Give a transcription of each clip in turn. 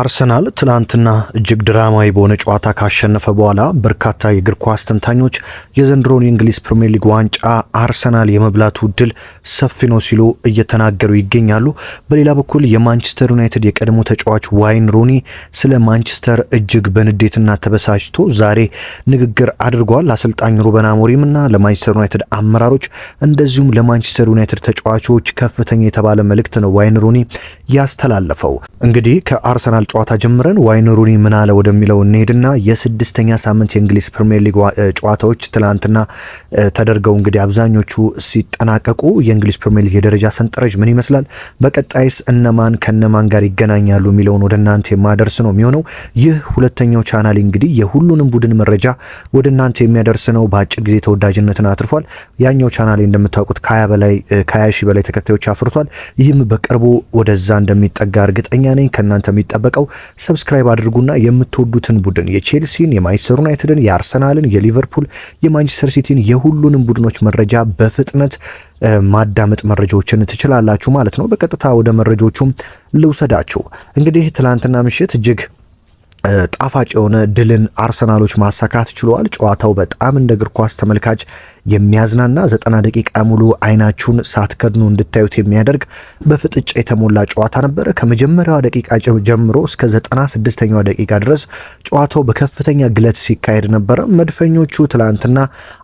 አርሰናል ትናንትና እጅግ ድራማዊ በሆነ ጨዋታ ካሸነፈ በኋላ በርካታ የእግር ኳስ ተንታኞች የዘንድሮን የእንግሊዝ ፕሪምየር ሊግ ዋንጫ አርሰናል የመብላቱ እድል ሰፊ ነው ሲሉ እየተናገሩ ይገኛሉ። በሌላ በኩል የማንቸስተር ዩናይትድ የቀድሞ ተጫዋች ዋይን ሩኒ ስለ ማንቸስተር እጅግ በንዴትና ተበሳጭቶ ዛሬ ንግግር አድርጓል። አሰልጣኝ ሩበን አሞሪም እና ለማንቸስተር ዩናይትድ አመራሮች እንደዚሁም ለማንቸስተር ዩናይትድ ተጫዋቾች ከፍተኛ የተባለ መልእክት ነው ዋይን ሩኒ ያስተላለፈው። እንግዲህ ከአርሰናል ከአርሰናል ጨዋታ ጀምረን ዋይን ሩኒ ምን አለ ወደሚለው እንሄድና የስድስተኛ ሳምንት የእንግሊዝ ፕሪምየር ሊግ ጨዋታዎች ትላንትና ተደርገው እንግዲህ አብዛኞቹ ሲጠናቀቁ የእንግሊዝ ፕሪምየር ሊግ የደረጃ ሰንጠረዥ ምን ይመስላል፣ በቀጣይስ እነማን ከነማን ጋር ይገናኛሉ የሚለውን ወደ እናንተ የማደርስ ነው የሚሆነው። ይህ ሁለተኛው ቻናል እንግዲህ የሁሉንም ቡድን መረጃ ወደ እናንተ የሚያደርስ ነው። በአጭር ጊዜ ተወዳጅነትን አትርፏል። ያኛው ቻናሌ እንደምታውቁት ከሀያ በላይ ከሀያ ሺህ በላይ ተከታዮች አፍርቷል። ይህም በቅርቡ ወደዛ እንደሚጠጋ እርግጠኛ ነኝ። ከእናንተ የሚጠበቅ የሚጠበቀው። ሰብስክራይብ አድርጉና የምትወዱትን ቡድን የቼልሲን፣ የማንቸስተር ዩናይትድን፣ የአርሰናልን፣ የሊቨርፑል፣ የማንቸስተር ሲቲን የሁሉንም ቡድኖች መረጃ በፍጥነት ማዳመጥ መረጃዎችን ትችላላችሁ ማለት ነው። በቀጥታ ወደ መረጃዎቹም ልውሰዳችሁ። እንግዲህ ትላንትና ምሽት እጅግ ጣፋጭ የሆነ ድልን አርሰናሎች ማሳካት ችለዋል። ጨዋታው በጣም እንደ እግር ኳስ ተመልካች የሚያዝናና ዘጠና ደቂቃ ሙሉ አይናችሁን ሳትከድኑ እንድታዩት የሚያደርግ በፍጥጫ የተሞላ ጨዋታ ነበረ። ከመጀመሪያዋ ደቂቃ ጀምሮ እስከ ዘጠና ስድስተኛዋ ደቂቃ ድረስ ጨዋታው በከፍተኛ ግለት ሲካሄድ ነበረ። መድፈኞቹ ትላንትና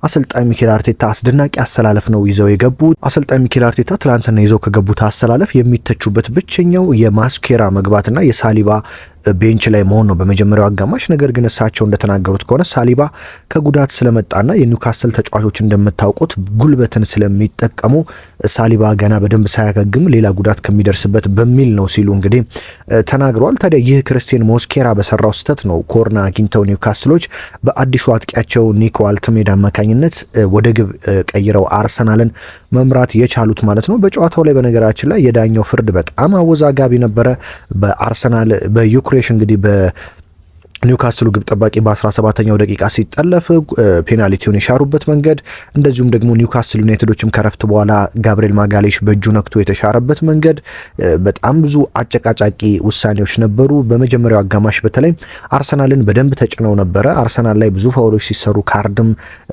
አሰልጣኝ ሚኬል አርቴታ አስደናቂ አሰላለፍ ነው ይዘው የገቡት። አሰልጣኝ ሚኬል አርቴታ ትላንትና ይዘው ከገቡት አሰላለፍ የሚተቹበት ብቸኛው የማስኬራ መግባትና የሳሊባ ቤንች ላይ መሆን ነው በመጀመሪያው አጋማሽ። ነገር ግን እሳቸው እንደተናገሩት ከሆነ ሳሊባ ከጉዳት ስለመጣና የኒውካስል ተጫዋቾች እንደምታውቁት ጉልበትን ስለሚጠቀሙ ሳሊባ ገና በደንብ ሳያገግም ሌላ ጉዳት ከሚደርስበት በሚል ነው ሲሉ እንግዲህ ተናግረዋል። ታዲያ ይህ ክርስቲን ሞስኬራ በሰራው ስህተት ነው ኮርና አግኝተው ኒውካስሎች በአዲሱ አጥቂያቸው ኒኮ አልትሜዳ አማካኝነት ወደ ግብ ቀይረው አርሰናልን መምራት የቻሉት ማለት ነው። በጨዋታው ላይ በነገራችን ላይ የዳኛው ፍርድ በጣም አወዛጋቢ ነበረ። በአርሰናል በዩ ኩሬሽ እንግዲህ ኒውካስሉ ግብ ጠባቂ በ17ኛው ደቂቃ ሲጠለፍ ፔናልቲውን የሻሩበት መንገድ እንደዚሁም ደግሞ ኒውካስል ዩናይትዶችም ከረፍት በኋላ ጋብሪኤል ማጋሌሽ በእጁ ነክቶ የተሻረበት መንገድ በጣም ብዙ አጨቃጫቂ ውሳኔዎች ነበሩ። በመጀመሪያው አጋማሽ በተለይ አርሰናልን በደንብ ተጭነው ነበረ። አርሰናል ላይ ብዙ ፋውሎች ሲሰሩ ካርድም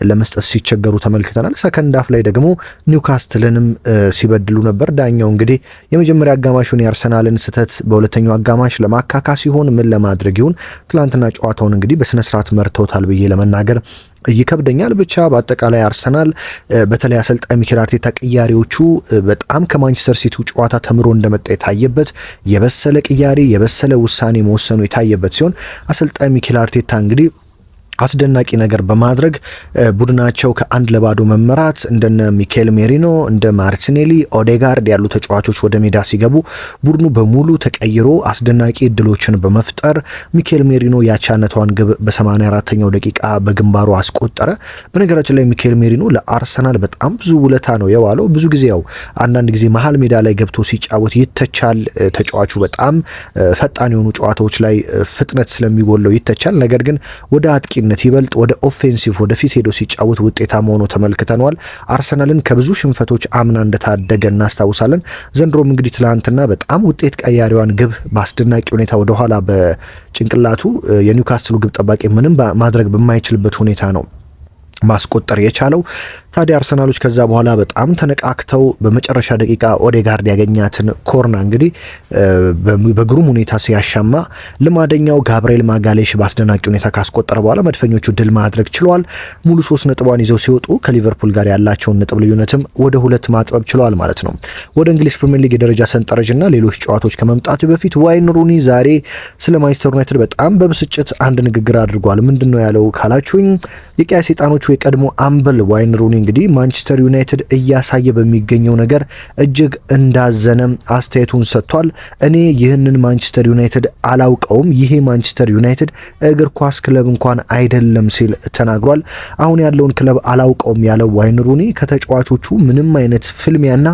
ለመስጠት ሲቸገሩ ተመልክተናል። ሰከንዳፍ ላይ ደግሞ ኒውካስትልንም ሲበድሉ ነበር። ዳኛው እንግዲህ የመጀመሪያ አጋማሹን የአርሰናልን ስህተት በሁለተኛው አጋማሽ ለማካካ ሲሆን ምን ለማድረግ ይሁን ትላንት ትናንትና ጨዋታውን እንግዲህ በስነ ስርዓት መርተውታል ብዬ ለመናገር ይከብደኛል። ብቻ በአጠቃላይ አርሰናል በተለይ አሰልጣኝ ሚኬል አርቴታ ቅያሬዎቹ በጣም ከማንቸስተር ሲቲ ጨዋታ ተምሮ እንደመጣ የታየበት የበሰለ ቅያሬ የበሰለ ውሳኔ መወሰኑ የታየበት ሲሆን አሰልጣኝ ሚኬል አርቴታ እንግዲህ አስደናቂ ነገር በማድረግ ቡድናቸው ከአንድ ለባዶ መመራት እንደነ ሚኬል ሜሪኖ እንደ ማርቲኔሊ፣ ኦዴጋርድ ያሉ ተጫዋቾች ወደ ሜዳ ሲገቡ ቡድኑ በሙሉ ተቀይሮ አስደናቂ እድሎችን በመፍጠር ሚኬል ሜሪኖ ያቻነቷን ግብ በ84ኛው ደቂቃ በግንባሩ አስቆጠረ። በነገራችን ላይ ሚኬል ሜሪኖ ለአርሰናል በጣም ብዙ ውለታ ነው የዋለው። ብዙ ጊዜ ያው አንዳንድ ጊዜ መሀል ሜዳ ላይ ገብቶ ሲጫወት ይተቻል። ተጫዋቹ በጣም ፈጣን የሆኑ ጨዋታዎች ላይ ፍጥነት ስለሚጎለው ይተቻል። ነገር ግን ወደ አጥቂ ተከላካይነት ይበልጥ ወደ ኦፌንሲቭ ወደፊት ሄዶ ሲጫወት ውጤታማ ሆኖ ተመልክተነዋል። አርሰናልን ከብዙ ሽንፈቶች አምና እንደታደገ እናስታውሳለን። ዘንድሮም እንግዲህ ትናንትና በጣም ውጤት ቀያሪዋን ግብ በአስደናቂ ሁኔታ ወደኋላ በጭንቅላቱ የኒውካስትሉ ግብ ጠባቂ ምንም ማድረግ በማይችልበት ሁኔታ ነው ማስቆጠር የቻለው ታዲያ አርሰናሎች ከዛ በኋላ በጣም ተነቃክተው በመጨረሻ ደቂቃ ኦዴጋርድ ያገኛትን ኮርና እንግዲህ በግሩም ሁኔታ ሲያሻማ ልማደኛው ጋብርኤል ማጋሌሽ በአስደናቂ ሁኔታ ካስቆጠረ በኋላ መድፈኞቹ ድል ማድረግ ችለዋል። ሙሉ ሶስት ነጥቧን ይዘው ሲወጡ ከሊቨርፑል ጋር ያላቸውን ነጥብ ልዩነትም ወደ ሁለት ማጥበብ ችለዋል ማለት ነው። ወደ እንግሊዝ ፕሪምየር ሊግ የደረጃ ሰንጠረዥና ሌሎች ጨዋታዎች ከመምጣቱ በፊት ዋይን ሩኒ ዛሬ ስለ ማንቸስተር ዩናይትድ በጣም በብስጭት አንድ ንግግር አድርጓል። ምንድን ነው ያለው ካላችሁኝ የቀያ ሰይጣኖቹ የቀድሞ አምበል ዋይን ሩኒ እንግዲህ ማንቸስተር ዩናይትድ እያሳየ በሚገኘው ነገር እጅግ እንዳዘነ አስተያየቱን ሰጥቷል። እኔ ይህንን ማንቸስተር ዩናይትድ አላውቀውም፣ ይሄ ማንቸስተር ዩናይትድ እግር ኳስ ክለብ እንኳን አይደለም ሲል ተናግሯል። አሁን ያለውን ክለብ አላውቀውም ያለው ዋይን ሩኒ ከተጫዋቾቹ ምንም አይነት ፍልሚያና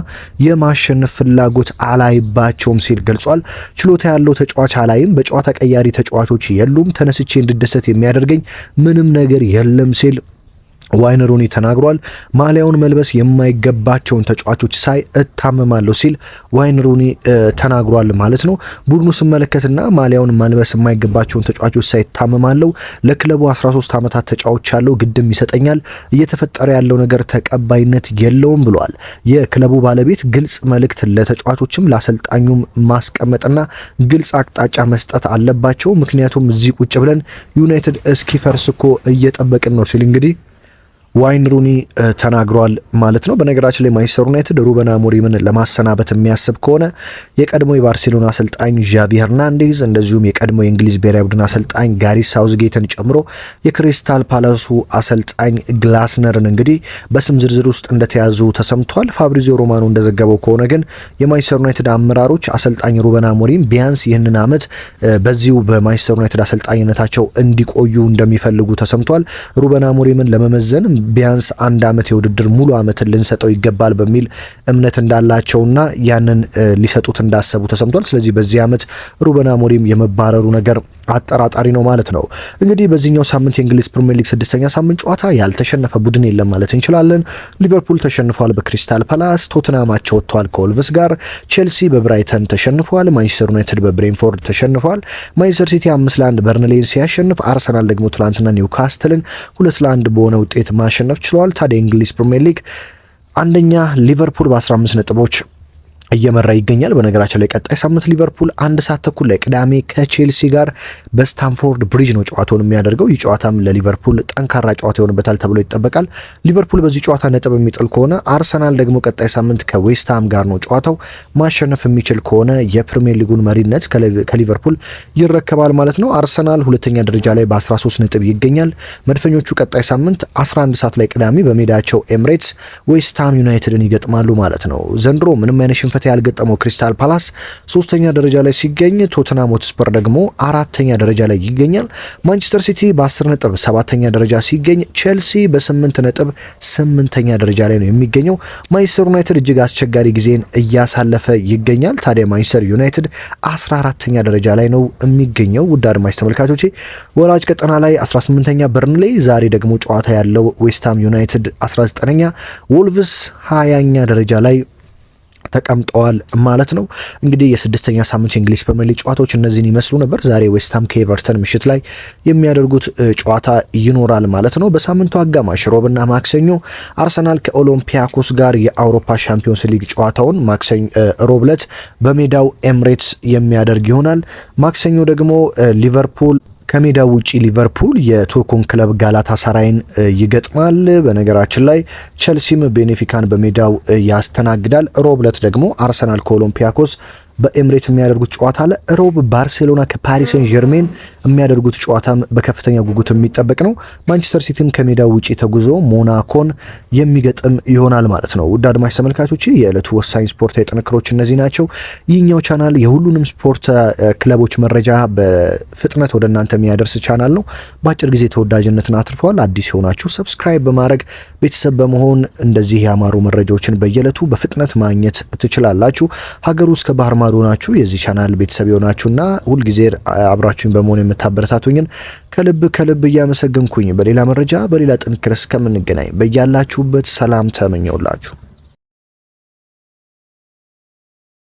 የማሸነፍ ፍላጎት አላይባቸውም ሲል ገልጿል። ችሎታ ያለው ተጫዋች አላይም፣ በጨዋታ ቀያሪ ተጫዋቾች የሉም፣ ተነስቼ እንድደሰት የሚያደርገኝ ምንም ነገር የለም ሲል ዋይን ሩኒ ተናግሯል። ማሊያውን መልበስ የማይገባቸውን ተጫዋቾች ሳይ እታመማለሁ ሲል ዋይን ሩኒ ተናግሯል ማለት ነው። ቡድኑ ስመለከትና ማሊያውን መልበስ የማይገባቸውን ተጫዋቾች ሳይ እታመማለሁ። ለክለቡ 13 ዓመታት ተጫዋች ያለው ግድም ይሰጠኛል። እየተፈጠረ ያለው ነገር ተቀባይነት የለውም ብሏል። የክለቡ ባለቤት ግልጽ መልእክት ለተጫዋቾችም ለአሰልጣኙም ማስቀመጥና ግልጽ አቅጣጫ መስጠት አለባቸው። ምክንያቱም እዚህ ቁጭ ብለን ዩናይትድ እስኪፈርስ እኮ እየጠበቅን ነው ሲል እንግዲህ ዋይን ሩኒ ተናግሯል ማለት ነው። በነገራችን ላይ ማንቸስተር ዩናይትድ ሩበን አሞሪምን ለማሰናበት የሚያስብ ከሆነ የቀድሞ የባርሴሎና አሰልጣኝ ዣቪ ሄርናንዴዝ እንደዚሁም የቀድሞ የእንግሊዝ ብሔራዊ ቡድን አሰልጣኝ ጋሪ ሳውዝጌትን ጨምሮ የክሪስታል ፓላሱ አሰልጣኝ ግላስነርን እንግዲህ በስም ዝርዝር ውስጥ እንደተያዙ ተሰምቷል። ፋብሪዚዮ ሮማኖ እንደዘገበው ከሆነ ግን የማንቸስተር ዩናይትድ አመራሮች አሰልጣኝ ሩበን አሞሪም ቢያንስ ይህንን ዓመት በዚሁ በማንቸስተር ዩናይትድ አሰልጣኝነታቸው እንዲቆዩ እንደሚፈልጉ ተሰምቷል። ሩበን አሞሪምን ለመመዘን ቢያንስ አንድ አመት የውድድር ሙሉ አመትን ልንሰጠው ይገባል በሚል እምነት እንዳላቸውና ያንን ሊሰጡት እንዳሰቡ ተሰምቷል። ስለዚህ በዚህ አመት ሩበን አሞሪም የመባረሩ ነገር አጠራጣሪ ነው ማለት ነው። እንግዲህ በዚህኛው ሳምንት የእንግሊዝ ፕሪምየር ሊግ ስድስተኛ ሳምንት ጨዋታ ያልተሸነፈ ቡድን የለም ማለት እንችላለን። ሊቨርፑል ተሸንፏል በክሪስታል ፓላስ፣ ቶትናማቸው ወጥቷል ከወልቭስ ጋር፣ ቼልሲ በብራይተን ተሸንፏል፣ ማንቸስተር ዩናይትድ በብሬንፎርድ ተሸንፏል፣ ማንቸስተር ሲቲ አምስት ለአንድ በርንሌን ሲያሸንፍ፣ አርሰናል ደግሞ ትላንትና ኒውካስትልን ሁለት ለአንድ በሆነ ውጤት ማ ማሸነፍ ችለዋል። ታዲያ የእንግሊዝ ፕሪምየር ሊግ አንደኛ ሊቨርፑል በ15 ነጥቦች እየመራ ይገኛል። በነገራችን ላይ ቀጣይ ሳምንት ሊቨርፑል አንድ ሰዓት ተኩል ላይ ቅዳሜ ከቼልሲ ጋር በስታንፎርድ ብሪጅ ነው ጨዋታውን የሚያደርገው። ይህ ጨዋታም ለሊቨርፑል ጠንካራ ጨዋታ ይሆንበታል ተብሎ ይጠበቃል። ሊቨርፑል በዚህ ጨዋታ ነጥብ የሚጥል ከሆነ፣ አርሰናል ደግሞ ቀጣይ ሳምንት ከዌስትሃም ጋር ነው ጨዋታው። ማሸነፍ የሚችል ከሆነ የፕሪሚየር ሊጉን መሪነት ከሊቨርፑል ይረከባል ማለት ነው። አርሰናል ሁለተኛ ደረጃ ላይ በ13 ነጥብ ይገኛል። መድፈኞቹ ቀጣይ ሳምንት 11 ሰዓት ላይ ቅዳሜ በሜዳቸው ኤምሬትስ ዌስትሃም ዩናይትድን ይገጥማሉ ማለት ነው። ዘንድሮ ምንም አይነት ሽንፈት ከፍታ ያልገጠመው ክሪስታል ፓላስ ሶስተኛ ደረጃ ላይ ሲገኝ፣ ቶትናም ሆትስፐር ደግሞ አራተኛ ደረጃ ላይ ይገኛል። ማንቸስተር ሲቲ በ10 ነጥብ ሰባተኛ ደረጃ ሲገኝ፣ ቼልሲ በ8 ነጥብ ስምንተኛ ደረጃ ላይ ነው የሚገኘው። ማንቸስተር ዩናይትድ እጅግ አስቸጋሪ ጊዜን እያሳለፈ ይገኛል። ታዲያ ማንቸስተር ዩናይትድ 14ተኛ ደረጃ ላይ ነው የሚገኘው። ውድ አድማጭ ተመልካቾቼ ወራጅ ቀጠና ላይ 18ኛ በርንሌይ፣ ዛሬ ደግሞ ጨዋታ ያለው ዌስትሃም ዩናይትድ 19ኛ፣ ወልቭስ 20ኛ ደረጃ ላይ ተቀምጠዋል ማለት ነው። እንግዲህ የስድስተኛ ሳምንት የእንግሊዝ ፕሪሚየር ሊግ ጨዋታዎች እነዚህን ይመስሉ ነበር። ዛሬ ዌስትሃም ከኤቨርተን ምሽት ላይ የሚያደርጉት ጨዋታ ይኖራል ማለት ነው። በሳምንቱ አጋማሽ ሮብና ማክሰኞ አርሰናል ከኦሎምፒያኮስ ጋር የአውሮፓ ሻምፒዮንስ ሊግ ጨዋታውን ማክሰኞ በሜዳው ኤምሬትስ የሚያደርግ ይሆናል። ማክሰኞ ደግሞ ሊቨርፑል ከሜዳው ውጪ ሊቨርፑል የቱርኩን ክለብ ጋላታ ሳራይን ይገጥማል። በነገራችን ላይ ቸልሲም ቤኔፊካን በሜዳው ያስተናግዳል። ሮብለት ደግሞ አርሰናል ከኦሎምፒያኮስ በኤምሬት የሚያደርጉት ጨዋታ አለ። ሮብ ባርሴሎና ከፓሪስ ሴን ጀርሜን የሚያደርጉት ጨዋታም በከፍተኛ ጉጉት የሚጠበቅ ነው። ማንቸስተር ሲቲም ከሜዳ ውጪ ተጉዞ ሞናኮን የሚገጥም ይሆናል ማለት ነው። ውድ አድማጭ ተመልካቾች የዕለቱ ወሳኝ ስፖርታዊ ጥንክሮች እነዚህ ናቸው። ይህኛው ቻናል የሁሉንም ስፖርት ክለቦች መረጃ በፍጥነት ወደ እናንተ የሚያደርስ ቻናል ነው። በአጭር ጊዜ ተወዳጅነትን አትርፈዋል። አዲስ የሆናችሁ ሰብስክራይብ በማድረግ ቤተሰብ በመሆን እንደዚህ ያማሩ መረጃዎችን በየዕለቱ በፍጥነት ማግኘት ትችላላችሁ። ሀገር ውስጥ ከባህር ነባር ናችሁ የዚህ ቻናል ቤተሰብ የሆናችሁና ሁልጊዜ አብራችሁኝ በመሆን የምታበረታቱኝን ከልብ ከልብ እያመሰገንኩኝ በሌላ መረጃ በሌላ ጥንክር እስከምንገናኝ በያላችሁበት ሰላም ተመኘውላችሁ።